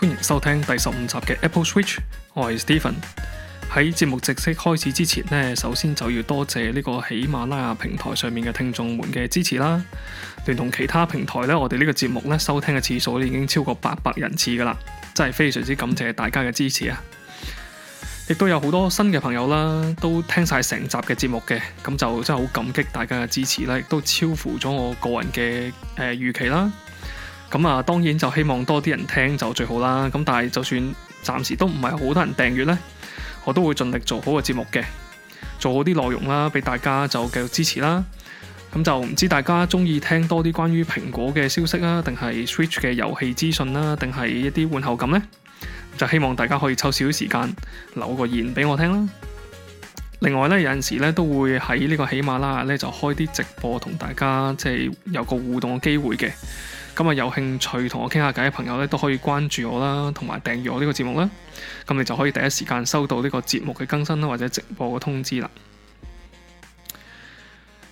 歡迎收聽第十五集嘅 Apple Switch，我係 Stephen。喺節目正式開始之前呢，首先就要多謝呢個喜馬拉雅平台上面嘅聽眾們嘅支持啦。連同其他平台呢，我哋呢個節目呢收聽嘅次數已經超過八百人次噶啦，真係非常之感謝大家嘅支持啊！亦都有好多新嘅朋友啦，都聽晒成集嘅節目嘅，咁就真係好感激大家嘅支持啦，亦都超乎咗我個人嘅誒、呃、預期啦。咁啊，當然就希望多啲人聽就最好啦。咁但係就算暫時都唔係好多人訂閱呢，我都會盡力做好個節目嘅，做好啲內容啦，俾大家就繼續支持啦。咁就唔知大家中意聽多啲關於蘋果嘅消息啊，定係 Switch 嘅遊戲資訊啦、啊，定係一啲換後感呢？就希望大家可以抽少少時間留個言俾我聽啦。另外呢，有陣時呢都會喺呢個喜馬拉雅呢，就開啲直播，同大家即係、就是、有個互動嘅機會嘅。咁啊，有興趣同我傾下偈嘅朋友咧，都可以關注我啦，同埋訂閱我呢個節目啦。咁你就可以第一時間收到呢個節目嘅更新啦，或者直播嘅通知啦。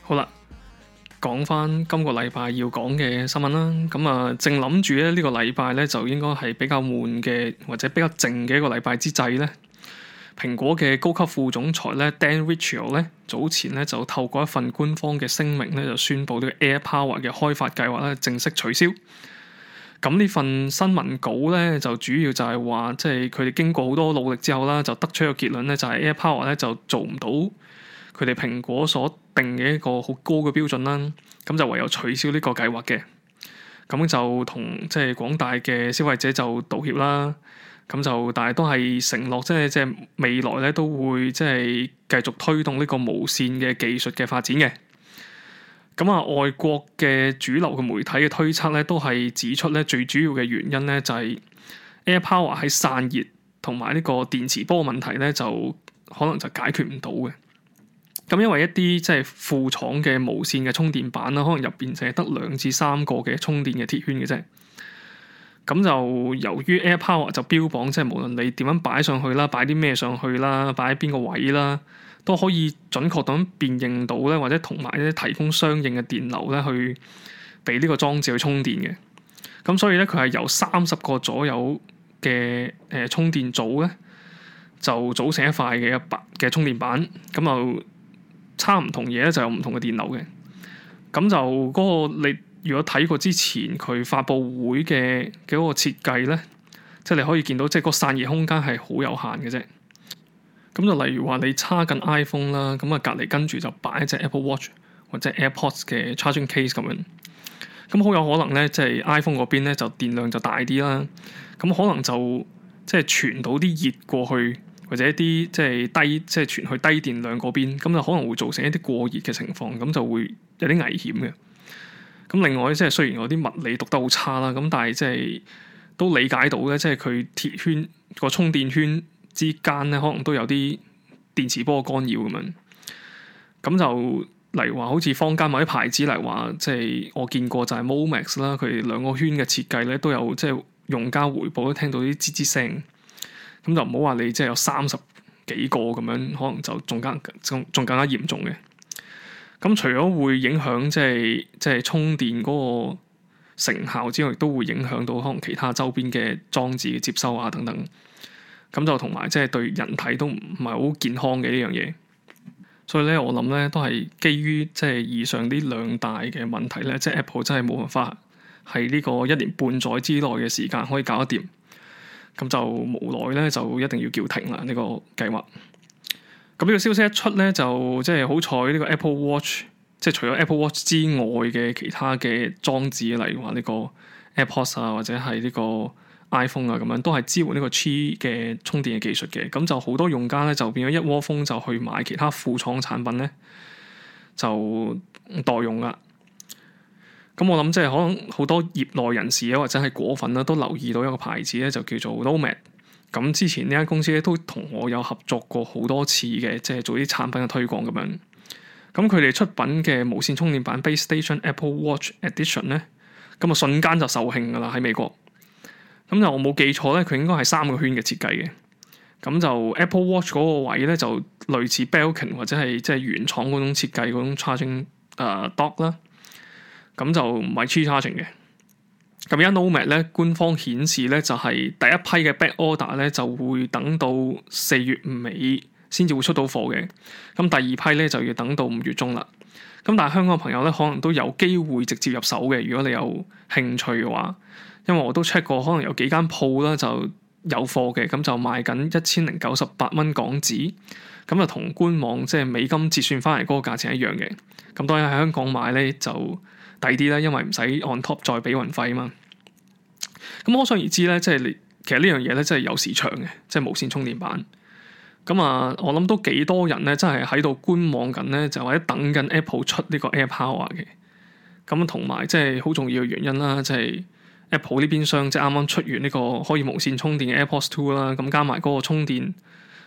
好啦，講翻今個禮拜要講嘅新聞啦。咁啊，正諗住咧，這個、呢個禮拜咧就應該係比較悶嘅，或者比較靜嘅一個禮拜之際咧。蘋果嘅高級副總裁咧 Dan Riccio 咧，早前咧就透過一份官方嘅聲明咧，就宣布呢個 AirPower 嘅開發計劃咧正式取消。咁呢份新聞稿咧，就主要就係話，即係佢哋經過好多努力之後啦，就得出一個結論咧，就係 AirPower 咧就做唔到佢哋蘋果所定嘅一個好高嘅標準啦。咁就唯有取消呢個計劃嘅，咁就同即係廣大嘅消費者就道歉啦。咁就，但係都係承諾，即係即係未來咧，都會即係繼續推動呢個無線嘅技術嘅發展嘅。咁啊，外國嘅主流嘅媒體嘅推測咧，都係指出咧，最主要嘅原因咧就係 AirPower 喺散熱同埋呢個電磁波問題咧，就可能就解決唔到嘅。咁因為一啲即係副廠嘅無線嘅充電板啦，可能入邊淨係得兩至三個嘅充電嘅鐵圈嘅啫。咁就由於 AirPower 就標榜即係、就是、無論你點樣擺上去啦，擺啲咩上去啦，擺喺邊個位啦，都可以準確咁辨認到咧，或者同埋咧提供相應嘅電流咧，去俾呢個裝置去充電嘅。咁所以咧，佢係由三十個左右嘅誒充電組咧，就組成一塊嘅一板嘅充電板。咁就差唔同嘢咧，就有唔同嘅電流嘅。咁就嗰個你。如果睇過之前佢發布會嘅嗰個設計咧，即係你可以見到，即係個散熱空間係好有限嘅啫。咁就例如話你叉緊 iPhone 啦，咁啊隔離跟住就擺隻 Apple Watch 或者 AirPods 嘅 charging case 咁樣。咁好有可能咧，即係 iPhone 嗰邊咧就電量就大啲啦。咁可能就即係傳到啲熱過去，或者啲即係低即係傳去低電量嗰邊，咁就可能會造成一啲過熱嘅情況，咁就會有啲危險嘅。咁另外，即係雖然我啲物理讀得好差啦，咁但係即係都理解到咧，即係佢鐵圈、個充電圈之間咧，可能都有啲電磁波干擾咁樣。咁就例如話好似坊間某啲牌子嚟話，即係我見過就係 MoMax 啦，佢哋兩個圈嘅設計咧都有即係用家回報，都聽到啲吱吱聲。咁就唔好話你即係有三十幾個咁樣，可能就仲加仲仲更，更，更加嚴重嘅。咁除咗會影響即係即係充電嗰個成效之外，亦都會影響到可能其他周邊嘅裝置嘅接收啊等等。咁就同埋即係對人體都唔係好健康嘅呢樣嘢。所以咧，我諗咧都係基於即係以上呢兩大嘅問題咧，即係 Apple 真係冇辦法喺呢個一年半載之內嘅時間可以搞得掂。咁就無奈咧，就一定要叫停啦呢個計劃。咁呢個消息一出咧，就即係好彩呢個 Apple Watch，即係除咗 Apple Watch 之外嘅其他嘅裝置，例如話呢個 AirPods 啊，或者係呢個 iPhone 啊，咁樣都係支援呢個 Qi 嘅充電嘅技術嘅。咁就好多用家咧，就變咗一窩蜂就去買其他副廠產品咧，就代用啦。咁我諗即係可能好多業內人士啊，或者係果粉啦、啊，都留意到一個牌子咧，就叫做 Nomad。咁之前呢間公司咧都同我有合作過好多次嘅，即係做啲產品嘅推廣咁樣。咁佢哋出品嘅無線充電板 Base Station Apple Watch Edition 咧，咁啊瞬間就售罄噶啦喺美國。咁就我冇記錯咧，佢應該係三個圈嘅設計嘅。咁就 Apple Watch 嗰個位咧就類似 Belkin 或者係即係原廠嗰種設計嗰種 charging 誒、uh, dock 啦。咁就唔係 Qi charging 嘅。Char 咁而家 Nomad 咧，官方顯示咧就係、是、第一批嘅 Back Order 咧就會等到四月尾先至會出到貨嘅。咁第二批咧就要等到五月中啦。咁但係香港嘅朋友咧，可能都有機會直接入手嘅，如果你有興趣嘅話，因為我都 check 過，可能有幾間鋪啦就有貨嘅，咁就賣緊一千零九十八蚊港紙，咁就同官網即係、就是、美金折算翻嚟嗰個價錢一樣嘅。咁當然喺香港買咧就～抵啲咧，因為唔使 on top 再俾運費啊嘛。咁可想而知咧，即係其實呢樣嘢咧，真係有市場嘅，即係無綫充電板。咁啊，我諗都幾多人咧，真係喺度觀望緊咧，就或者等緊 Apple 出呢個 AirPower 嘅。咁同埋，即係好重要嘅原因啦，即係 Apple 呢邊商即係啱啱出完呢個可以無綫充電嘅 AirPods Two 啦，咁加埋嗰個充電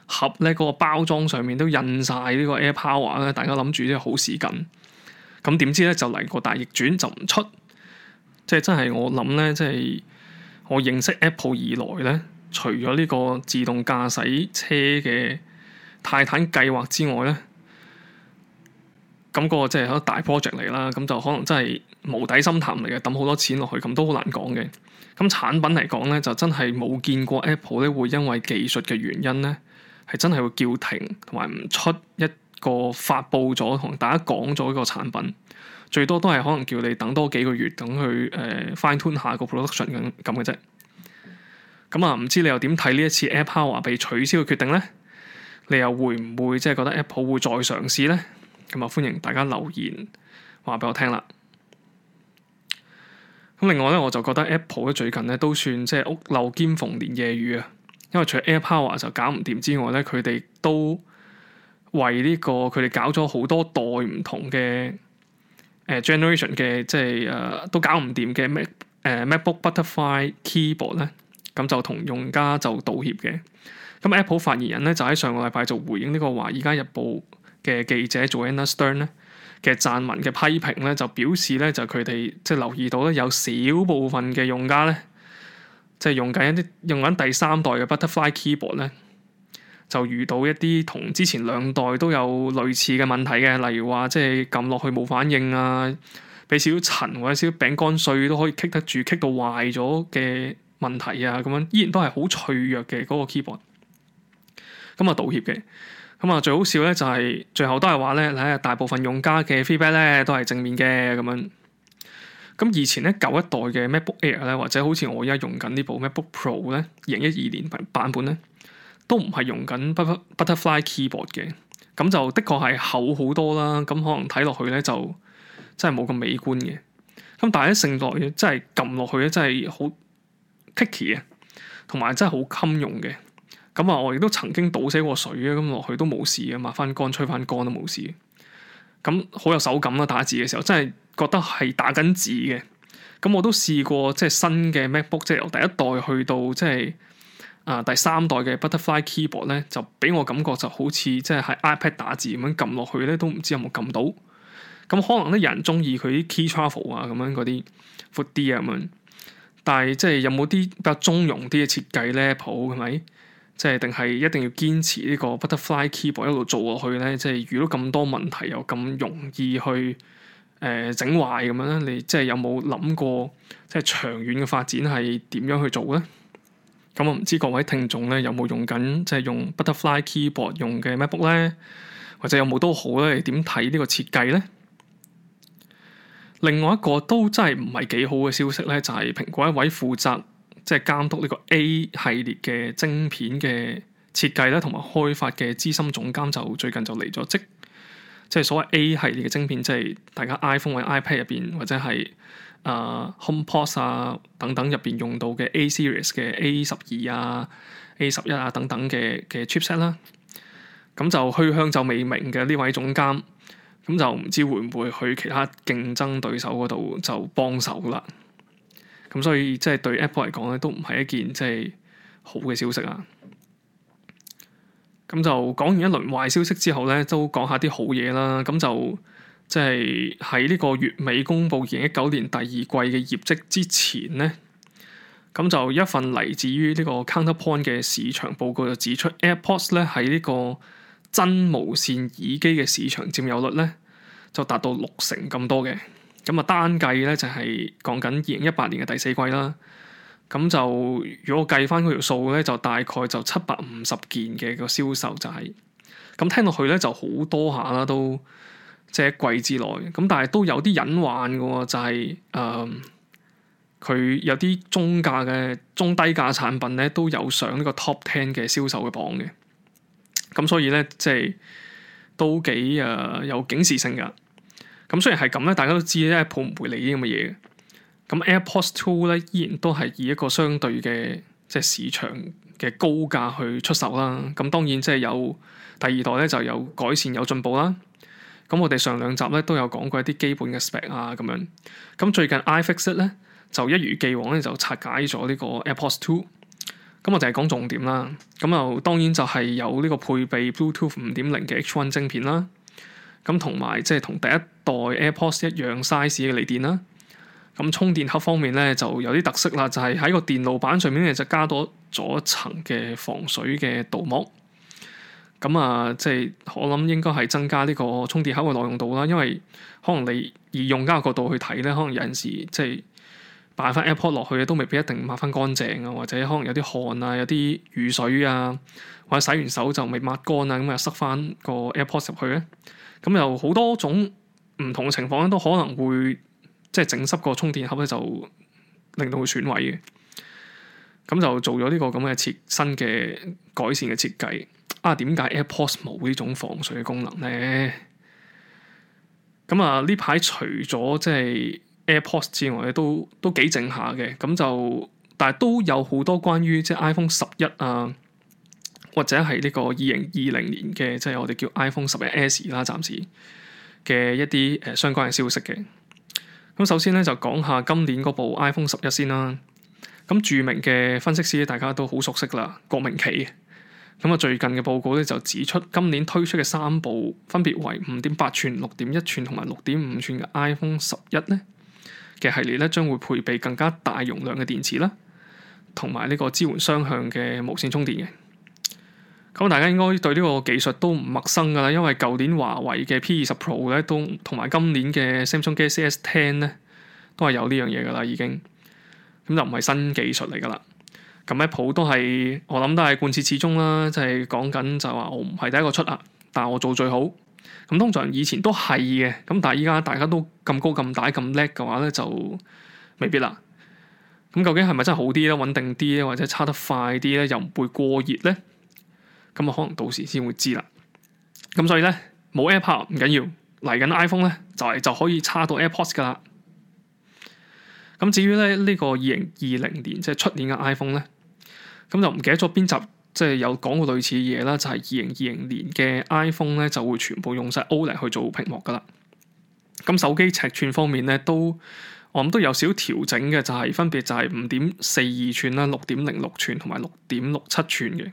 盒咧，嗰個包裝上面都印晒呢個 AirPower 啦，大家諗住即係好事緊。咁點知咧就嚟個大逆轉就唔出，即係真係我諗咧，即係我認識 Apple 以來咧，除咗呢個自動駕駛車嘅泰坦計劃之外咧，咁個即係一個大 project 嚟啦，咁就可能真係無底深潭嚟嘅，抌好多錢落去，咁都好難講嘅。咁產品嚟講咧，就真係冇見過 Apple 咧會因為技術嘅原因咧，係真係會叫停同埋唔出一。個發布咗同大家講咗個產品，最多都係可能叫你等多幾個月，等佢誒、呃、fine tune 下個 production 咁咁嘅啫。咁啊，唔知你又點睇呢一次 AirPower 被取消嘅決定呢？你又會唔會即係覺得 Apple 會再嘗試呢？咁啊，歡迎大家留言話俾我聽啦。咁另外咧，我就覺得 Apple 咧最近咧都算即係屋漏兼逢連夜雨啊，因為除咗 AirPower 就搞唔掂之外咧，佢哋都。為呢、這個佢哋搞咗好多代唔同嘅誒、呃、generation 嘅，即係誒、呃、都搞唔掂嘅 Mac 誒、呃、MacBook Butterfly Keyboard 咧，咁就同用家就道歉嘅。咁 Apple 發言人咧就喺上個禮拜就回應呢、這個華爾街日報嘅記者做 Joanna Stern 咧嘅撰文嘅批評咧，就表示咧就佢哋即係留意到咧有少部分嘅用家咧，即係用緊一啲用緊第三代嘅 Butterfly Keyboard 咧。就遇到一啲同之前兩代都有類似嘅問題嘅，例如話即係撳落去冇反應啊，俾少少塵或者少少餅乾碎都可以棘得住棘到壞咗嘅問題啊，咁樣依然都係好脆弱嘅嗰個 keyboard。咁啊道歉嘅，咁啊最好笑咧就係最後都係話咧，咧大部分用家嘅 feedback 咧都係正面嘅咁樣。咁以前咧舊一代嘅 MacBook Air 咧，或者好似我而家用緊呢部 MacBook Pro 咧，二零一二年版版本咧。都唔係用緊 Butterfly Keyboard 嘅，咁就的確係厚好多啦。咁可能睇落去咧就真係冇咁美觀嘅。咁但係一成落去，真係撳落去咧真係好 picky 嘅，同埋真係好襟用嘅。咁啊，我亦都曾經倒死過水啊，咁落去都冇事嘅，抹翻乾吹翻乾都冇事。咁好有手感啦，啊，打字嘅時候真係覺得係打緊字嘅。咁我都試過即係新嘅 MacBook，即係由第一代去到即係。啊，第三代嘅 Butterfly Keyboard 咧，就俾我感覺就好似即係喺 iPad 打字咁樣撳落去咧，都唔知有冇撳到。咁可能咧有人中意佢啲 Key Travel 啊，咁樣嗰啲闊啲啊咁。但係即係有冇啲比較中庸啲嘅設計咧，Apple 係咪即係定係一定要堅持個呢個 Butterfly Keyboard 一路做落去咧？即係遇到咁多問題又咁容易去誒、呃、整壞咁樣咧？你即係有冇諗過即係長遠嘅發展係點樣去做咧？咁我唔知各位聽眾咧有冇用緊即係用 Butterfly Keyboard 用嘅 MacBook 咧，或者有冇都好咧，點睇呢個設計咧？另外一個都真係唔係幾好嘅消息咧，就係蘋果一位負責即係監督呢個 A 系列嘅晶片嘅設計咧，同埋開發嘅資深總監就最近就離咗職，即係所謂 A 系列嘅晶片，即係大家 iPhone 或 iPad 入邊或者係，啊，HomePod 啊，uh, Home Pod, uh, 等等入邊用到嘅 A Series 嘅 A 十二啊、12, uh, A 十一啊等等嘅嘅 Chipset 啦，咁、uh, 就去向就未明嘅呢位總監，咁就唔知會唔會去其他競爭對手嗰度就幫手啦。咁所以即係、就是、對 Apple 嚟講咧，都唔係一件即係好嘅消息啊。咁就講完一輪壞消息之後咧，都講下啲好嘢啦。咁就。即係喺呢個月尾公佈二零一九年第二季嘅業績之前呢，咁就一份嚟自於呢個 Counterpoint 嘅市場報告就指出，AirPods 咧喺呢個真無線耳機嘅市場佔有率咧就達到六成咁多嘅。咁啊單計咧就係講緊二零一八年嘅第四季啦。咁就如果計翻嗰條數咧，就大概就七百五十件嘅個銷售就係。咁聽落去咧就好多下啦都。即係一季之內，咁但係都有啲隱患嘅喎，就係誒佢有啲中價嘅中低價產品咧，都有上呢個 top ten 嘅銷售嘅榜嘅，咁所以咧即係都幾誒、呃、有警示性噶。咁雖然係咁咧，大家都知咧 Apple 唔會理啲咁嘅嘢嘅。咁 AirPods Two 咧依然都係以一個相對嘅即係市場嘅高價去出售啦。咁當然即係有第二代咧就有改善有進步啦。咁我哋上兩集咧都有講過一啲基本嘅 spec 啊，咁樣。咁最近 iFixit 咧就一如既往咧就拆解咗呢個 AirPods 2。咁我就係講重點啦。咁又當然就係有呢個配備 Bluetooth 5.0嘅 H1 晶片啦。咁同埋即係同第一代 AirPods 一樣 size 嘅鋰電啦。咁充電盒方面咧就有啲特色啦，就係、是、喺個電路板上面咧就加多咗一層嘅防水嘅鍍膜。咁啊、嗯，即係我諗應該係增加呢個充電盒嘅耐用度啦。因為可能你以用家嘅角度去睇咧，可能有陣時即係擺翻 AirPods 落去都未必一定抹翻乾淨啊，或者可能有啲汗啊、有啲雨水啊，或者洗完手就未抹乾啊，咁啊塞翻個 AirPods 入去咧，咁又好多種唔同嘅情況咧，都可能會即係整濕個充電盒咧，就令到佢損毀嘅。咁就做咗呢個咁嘅設新嘅改善嘅設計。啊，點解 AirPods 冇呢種防水功能呢？咁啊，呢排除咗即係 AirPods 之外都，都都幾靜下嘅。咁就，但係都有好多關於即係 iPhone 十一啊，或者係呢個二零二零年嘅，即係我哋叫 iPhone 十一 S 啦，暫時嘅一啲誒相關嘅消息嘅。咁首先咧就講下今年嗰部 iPhone 十一先啦。咁著名嘅分析師大家都好熟悉啦，郭明琪。咁啊，最近嘅報告咧就指出，今年推出嘅三部，分別為五點八寸、六點一寸同埋六點五寸嘅 iPhone 十一咧嘅系列咧，將會配備更加大容量嘅電池啦，同埋呢個支援雙向嘅無線充電嘅。咁大家應該對呢個技術都唔陌生噶啦，因為舊年華為嘅 P 二十 Pro 咧都同埋今年嘅 Samsung Galaxy S10 咧都係有呢樣嘢噶啦，已經咁就唔係新技術嚟噶啦。咁 Apple 都係，我諗都係貫徹始終啦，就係講緊就話我唔係第一個出啊，但我做最好。咁通常以前都係嘅，咁但係依家大家都咁高、咁大、咁叻嘅話咧，就未必啦。咁究竟係咪真係好啲咧、穩定啲咧，或者差得快啲咧，又唔會過熱咧？咁啊，可能到時先會知啦。咁所以咧，冇 AirPower 唔緊要，嚟緊 iPhone 咧就係就可以差到 AirPods 噶啦。咁至於咧呢個二零二零年即係出年嘅 iPhone 咧。咁就唔記得咗邊集即係、就是、有講過類似嘢啦，就係二零二零年嘅 iPhone 咧，就會全部用晒 OLED 去做屏幕噶啦。咁手機尺寸方面咧，都我諗都有少少調整嘅，就係、是、分別就係五點四二寸啦、六點零六寸同埋六點六七寸嘅。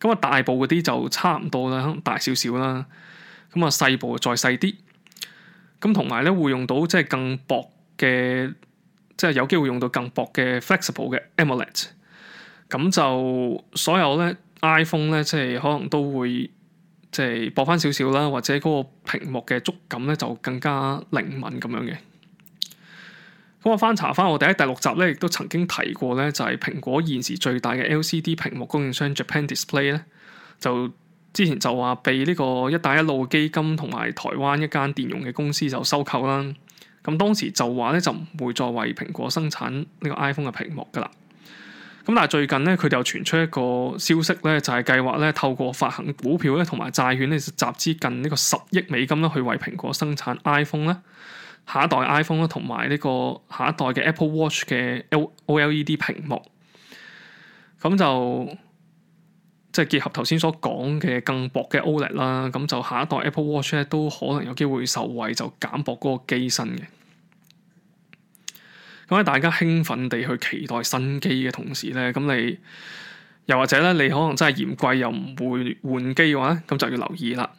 咁啊，大部嗰啲就差唔多啦，可能大少少啦。咁啊，細部再細啲。咁同埋咧，會用到即係更薄嘅，即、就、係、是、有機會用到更薄嘅 flexible 嘅 AMOLED。咁就所有咧 iPhone 咧，即係可能都會，即係薄翻少少啦，或者嗰個屏幕嘅觸感咧就更加靈敏咁樣嘅。咁我翻查翻我哋喺第六集咧，亦都曾經提過咧，就係蘋果現時最大嘅 LCD 屏幕供應商 Japan Display 咧，就之前就話被呢個一帶一路基金同埋台灣一間電容嘅公司就收購啦。咁當時就話咧就唔會再為蘋果生產呢個 iPhone 嘅屏幕噶啦。咁但係最近咧，佢哋又傳出一個消息咧，就係計劃咧透過發行股票咧同埋債券咧集資近呢個十億美金啦，去為蘋果生產 iPhone 咧下一代 iPhone 啦，同埋呢個下一代嘅 Apple Watch 嘅 OLED 屏幕。咁就即係結合頭先所講嘅更薄嘅 OLED 啦，咁就下一代 Apple Watch 咧都可能有機會受惠，就減薄嗰個機身嘅。咁喺大家興奮地去期待新機嘅同時咧，咁你又或者咧，你可能真係嫌貴又唔會換機嘅話，咁就要留意啦。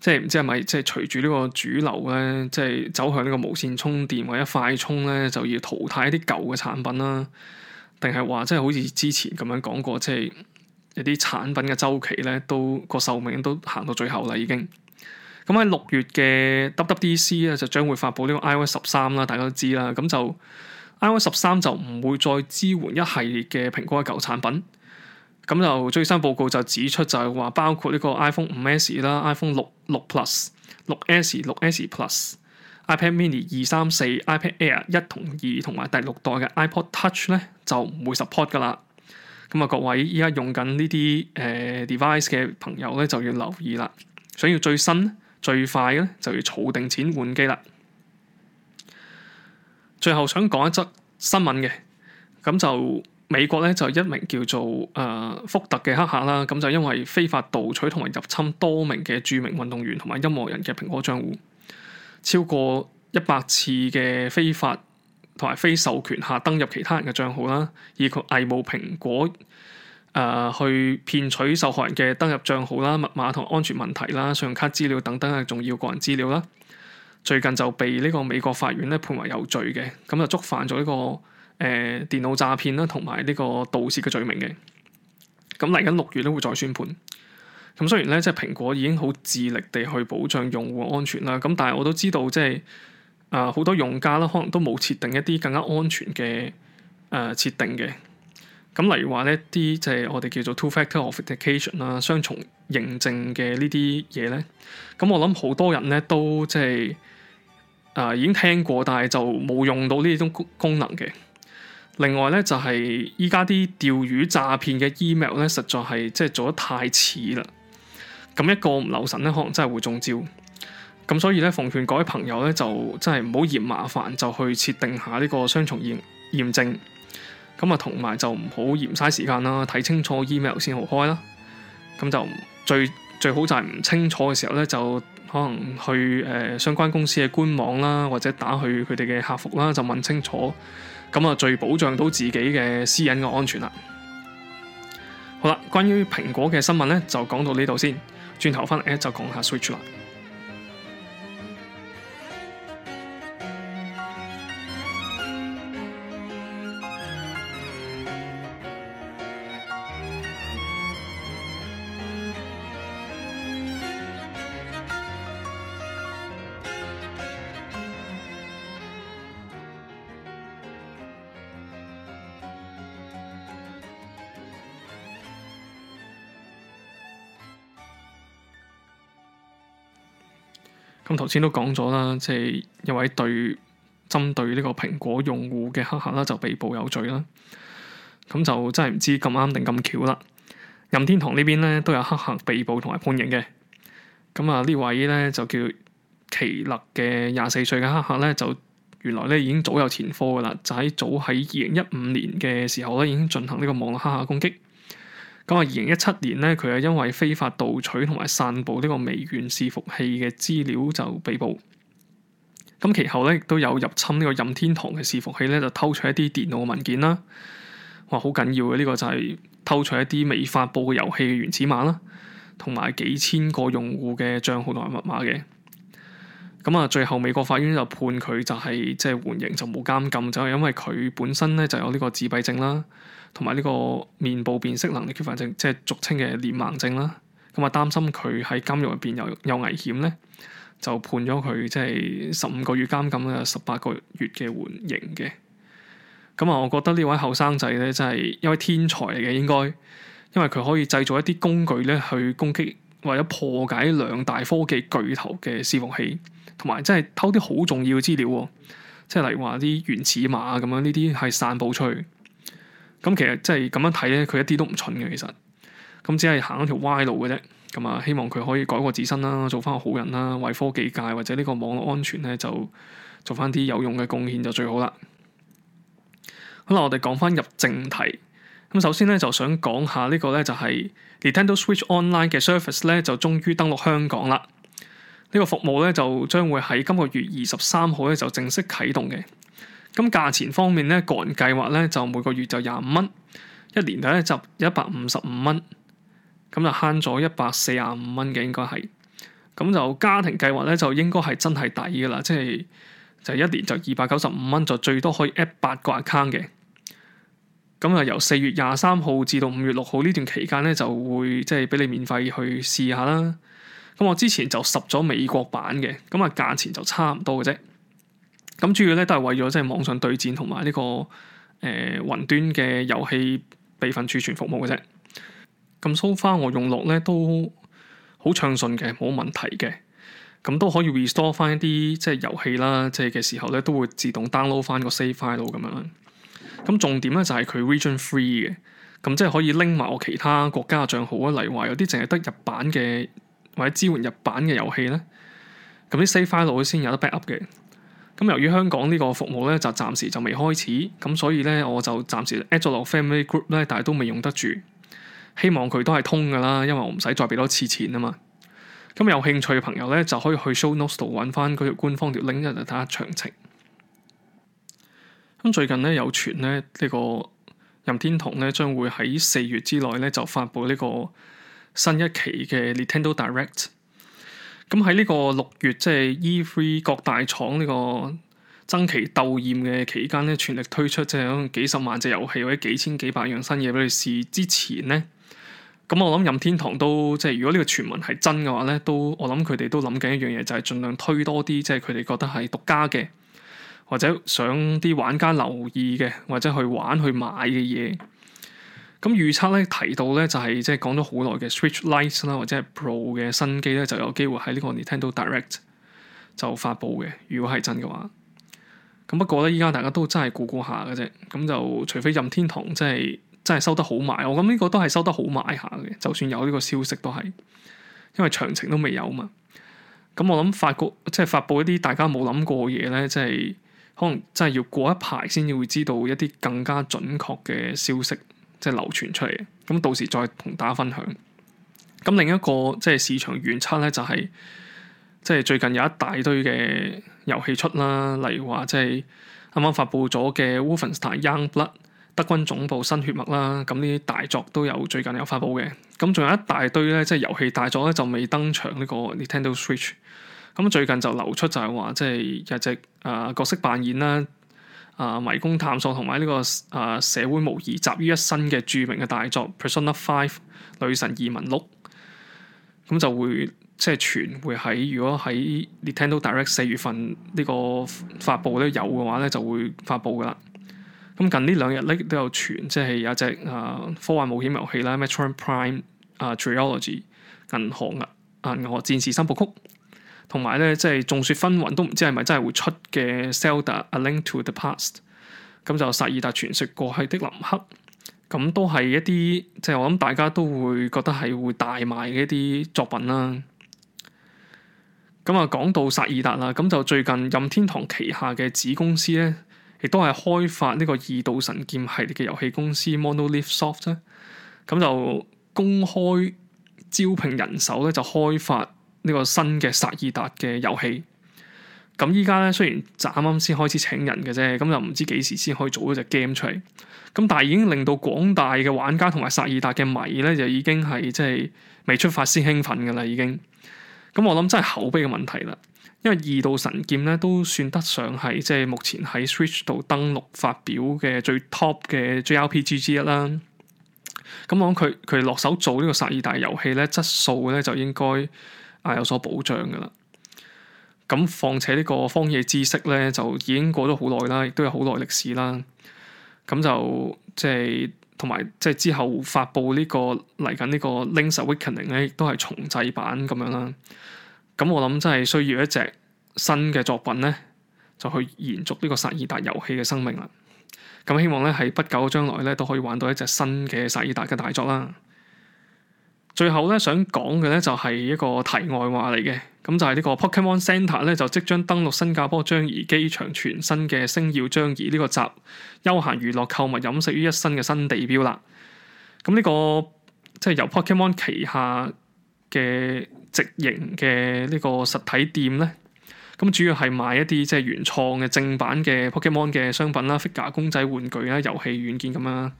即係唔知係咪即係隨住呢個主流咧，即係走向呢個無線充電或者快充咧，就要淘汰一啲舊嘅產品啦。定係話即係好似之前咁樣講過，即係一啲產品嘅周期咧，都個壽命都行到最後啦，已經。咁喺六月嘅 WWDC 咧就將會發布呢個 iOS 十三啦，大家都知啦。咁就 iOS 十三就唔會再支援一系列嘅蘋果嘅舊產品。咁就最新報告就指出，就係話包括呢個 iPhone 五 S 啦、iPhone 六六 Plus、六 S、六 S Plus、iPad Mini 二三四、iPad Air 一同二同埋第六代嘅 iPod Touch 咧就唔會 support 噶啦。咁啊各位依家用緊呢啲誒 device 嘅朋友咧就要留意啦，想要最新。最快嘅咧就要儲定錢換機啦。最後想講一則新聞嘅，咁就美國咧就一名叫做誒、呃、福特嘅黑客啦，咁就因為非法盜取同埋入侵多名嘅著名運動員同埋音樂人嘅蘋果賬戶，超過一百次嘅非法同埋非授權下登入其他人嘅賬號啦，以佢偽冒蘋果。誒、呃、去騙取受害人嘅登入帳號啦、密碼同安全問題啦、信用卡資料等等嘅重要個人資料啦。最近就被呢個美國法院咧判為有罪嘅，咁就觸犯咗呢、這個誒、呃、電腦詐騙啦，同埋呢個盜竊嘅罪名嘅。咁嚟緊六月都會再宣判。咁雖然咧，即係蘋果已經好致力地去保障用戶安全啦，咁但係我都知道即係啊好多用家啦，可能都冇設定一啲更加安全嘅誒、呃、設定嘅。咁例如話呢啲即係我哋叫做 two-factor authentication 啦，雙重認證嘅呢啲嘢咧，咁我諗好多人咧都即係啊已經聽過，但係就冇用到呢種功能嘅。另外咧就係依家啲釣魚詐騙嘅 email 咧，實在係即係做得太似啦。咁一個唔留神咧，可能真係會中招。咁所以咧，奉勸各位朋友咧，就真係唔好嫌麻煩，就去設定下呢個雙重驗驗證。咁啊，同埋就唔好嫌嘥時間啦，睇清楚 email 先好開啦。咁就最最好就係唔清楚嘅時候呢，就可能去誒、呃、相關公司嘅官網啦，或者打去佢哋嘅客服啦，就問清楚。咁啊，最保障到自己嘅私隱嘅安全啦。好啦，關於蘋果嘅新聞呢，就講到呢度先，轉頭翻嚟就講下 Switch 啦。咁頭先都講咗啦，即係、就是、一位對針對呢個蘋果用戶嘅黑客啦，就被捕有罪啦。咁就真係唔知咁啱定咁巧啦。任天堂呢邊咧都有黑客被捕同埋判刑嘅。咁啊，呢位咧就叫奇勒嘅廿四歲嘅黑客咧，就原來咧已經早有前科噶啦，就喺、是、早喺二零一五年嘅時候咧已經進行呢個網絡黑客攻擊。咁啊，二零一七年呢，佢係因為非法盜取同埋散佈呢個微軟伺服器嘅資料就被捕。咁其後咧亦都有入侵呢個任天堂嘅伺服器咧，就偷取一啲電腦嘅文件啦。哇，好緊要嘅呢個就係偷取一啲未發布嘅遊戲嘅原始碼啦，同埋幾千個用戶嘅帳號同埋密碼嘅。咁啊，最後美國法院就判佢就係即係緩刑就冇監禁，就係因為佢本身咧就有呢個自閉症啦。同埋呢個面部辨識能力缺乏症，即係俗稱嘅臉盲症啦。咁啊，擔心佢喺監獄入邊有有危險咧，就判咗佢即係十五個月監禁啦，十八個月嘅緩刑嘅。咁、嗯、啊，我覺得呢位後生仔咧，真係一位天才嚟嘅，應該因為佢可以製造一啲工具咧去攻擊，或者破解兩大科技巨頭嘅伺服器，同埋真係偷啲好重要資料喎。即係例如話啲原始碼咁樣，呢啲係散佈出去。咁其實即係咁樣睇咧，佢一啲都唔蠢嘅，其實咁只係行一條歪路嘅啫。咁啊，希望佢可以改過自身啦，做翻個好人啦，為科技界或者呢個網絡安全咧，就做翻啲有用嘅貢獻就最好啦。好啦，我哋講翻入正題。咁首先咧，就想講下呢個咧、就係，就係 Nintendo Switch Online 嘅 service 咧，就終於登陸香港啦。呢、呢個服務咧就將會喺今個月二十三號咧就正式啟動嘅。咁價錢方面咧，個人計劃咧就每個月就廿五蚊，一年睇咧就一百五十五蚊，咁就慳咗一百四十五蚊嘅應該係。咁就家庭計劃咧，就應該係真係抵噶啦，即係就是、一年就二百九十五蚊，就最多可以 at 八個 account 嘅。咁啊，由四月廿三號至到五月六號呢段期間咧，就會即係俾你免費去試下啦。咁我之前就十咗美國版嘅，咁啊，價錢就差唔多嘅啫。咁主要咧都係為咗即係網上對戰同埋呢個誒、呃、雲端嘅遊戲備份儲存服務嘅啫。咁 so far 我用落咧都好暢順嘅，冇問題嘅。咁都可以 restore 翻一啲即係遊戲啦，即係嘅時候咧都會自動 download 翻個 save file 咁樣。咁重點咧就係、是、佢 region free 嘅，咁即係可以拎埋我其他國家嘅帳號啊。例如話有啲淨係得日版嘅或者支援日版嘅遊戲咧，咁啲 save file 先有得 backup 嘅。咁由於香港呢個服務咧就暫時就未開始，咁所以咧我就暫時 at 咗落 family group 咧，但係都未用得住。希望佢都係通噶啦，因為我唔使再俾多次錢啊嘛。咁有興趣嘅朋友咧就可以去 show notes 度揾翻佢條官方條 link，一就睇下詳情。咁最近咧有傳咧呢、呢個任天堂咧將會喺四月之內咧就發布呢個新一期嘅 Nintendo Direct。咁喺呢個六月即係、就是、E3 各大廠呢個爭奇鬥豔嘅期間咧，全力推出即係幾十萬隻遊戲或者幾千幾百樣新嘢俾你試之前咧，咁我諗任天堂都即係、就是、如果呢個傳聞係真嘅話咧，都我諗佢哋都諗緊一樣嘢，就係盡量推多啲即係佢哋覺得係獨家嘅或者想啲玩家留意嘅或者去玩去買嘅嘢。咁預測咧提到咧，就係即係講咗好耐嘅 Switch Lite 啦，或者係 Pro 嘅新機咧，就有機會喺呢個 Nintendo Direct 就發布嘅。如果係真嘅話，咁不過咧，依家大家都真係估估下嘅啫。咁就除非任天堂真係真係收得好埋，我諗呢個都係收得好埋下嘅。就算有呢個消息都係，因為詳情都未有嘛。咁我諗發布即係發布一啲大家冇諗過嘅嘢咧，即係可能真係要過一排先至會知道一啲更加準確嘅消息。即係流傳出嚟嘅，咁到時再同大家分享。咁另一個即係市場預測咧，就係、是、即係最近有一大堆嘅遊戲出啦，例如話即係啱啱發佈咗嘅《Wolfenstein Young Blood》德軍總部新血脈啦，咁呢啲大作都有最近有發佈嘅。咁仲有一大堆咧，即係遊戲大作咧就未登場呢個 Nintendo Switch。咁最近就流出就係話，即、就、係、是、一隻啊、呃、角色扮演啦。啊，迷宮探索同埋呢個啊社會模擬集於一身嘅著名嘅大作《Persona Five》女神異聞錄，咁就會即係傳會喺如果喺 Nintendo Direct 四月份呢個發布咧有嘅話咧就會發布噶啦。咁近呢兩日咧亦都有傳，即係有一隻啊科幻冒險遊戲啦，《Metroid Prime》啊《Trilogy》銀河銀銀河戰士三部曲。同埋咧，即係眾說紛紜，都唔知係咪真係會出嘅《Zelda A Link to the Past》咁就《薩爾達傳說過去的林克》，咁都係一啲即係我諗大家都會覺得係會大賣嘅一啲作品啦。咁啊，講到薩爾達啦，咁就最近任天堂旗下嘅子公司咧，亦都係開發呢個《異度神劍》系列嘅遊戲公司 Monolith Soft 咧，咁就公開招聘人手咧，就開發，呢個新嘅薩爾達嘅遊戲，咁依家咧，雖然啱啱先開始請人嘅啫，咁又唔知幾時先可以做咗隻 game 出嚟，咁但係已經令到廣大嘅玩家同埋薩爾達嘅迷咧，就已經係即係未出發先興奮嘅啦，已經。咁我諗真係口碑嘅問題啦，因為二度神劍咧都算得上係即係目前喺 Switch 度登陸發表嘅最 top 嘅 JRPG 之一啦。咁我諗佢佢落手做呢個薩爾達遊戲咧，質素咧就應該。係有所保障嘅啦，咁況且呢個荒野知識咧就已經過咗好耐啦，亦都有好耐歷史啦，咁就即係同埋即係之後發佈呢個嚟緊呢個《Link's Awakening》咧，亦都係重製版咁樣啦。咁我諗真係需要一隻新嘅作品咧，就去延續呢個《薩爾達》遊戲嘅生命啦。咁希望咧喺不久嘅將來咧都可以玩到一隻新嘅《薩爾達》嘅大作啦。最後咧，想講嘅咧就係一個題外話嚟嘅，咁就係、ok、呢個 Pokemon Centre 咧就即將登陸新加坡樟宜機場全新嘅星耀樟宜呢個集休閒娛樂購物飲食於一身嘅新地標啦。咁呢、這個即係、就是、由 Pokemon、ok、旗下嘅直營嘅呢個實體店咧，咁主要係賣一啲即係原創嘅正版嘅 Pokemon、ok、嘅商品啦、figure 公仔玩具啦、遊戲軟件咁啦。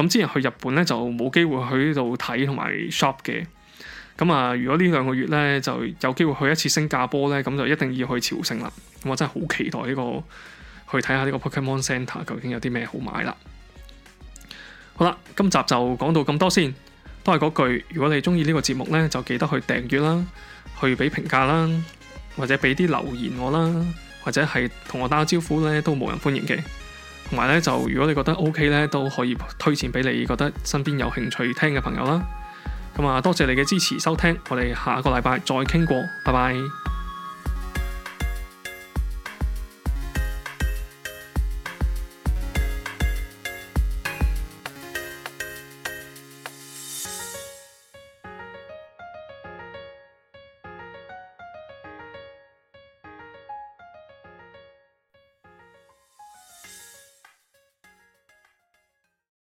咁之前去日本咧就冇機會去呢度睇同埋 shop 嘅。咁啊，如果呢兩個月咧就有機會去一次新加坡咧，咁就一定要去朝聖啦。我真係好期待呢個去睇下呢個 Pokemon Center 究竟有啲咩好買啦。好啦，今集就講到咁多先。都係嗰句，如果你中意呢個節目咧，就記得去訂閱啦，去俾評價啦，或者俾啲留言我啦，或者係同我打招呼咧，都冇人歡迎嘅。同埋咧，就如果你覺得 OK 咧，都可以推薦俾你覺得身邊有興趣聽嘅朋友啦。咁啊，多謝你嘅支持收聽，我哋下個禮拜再傾過，拜拜。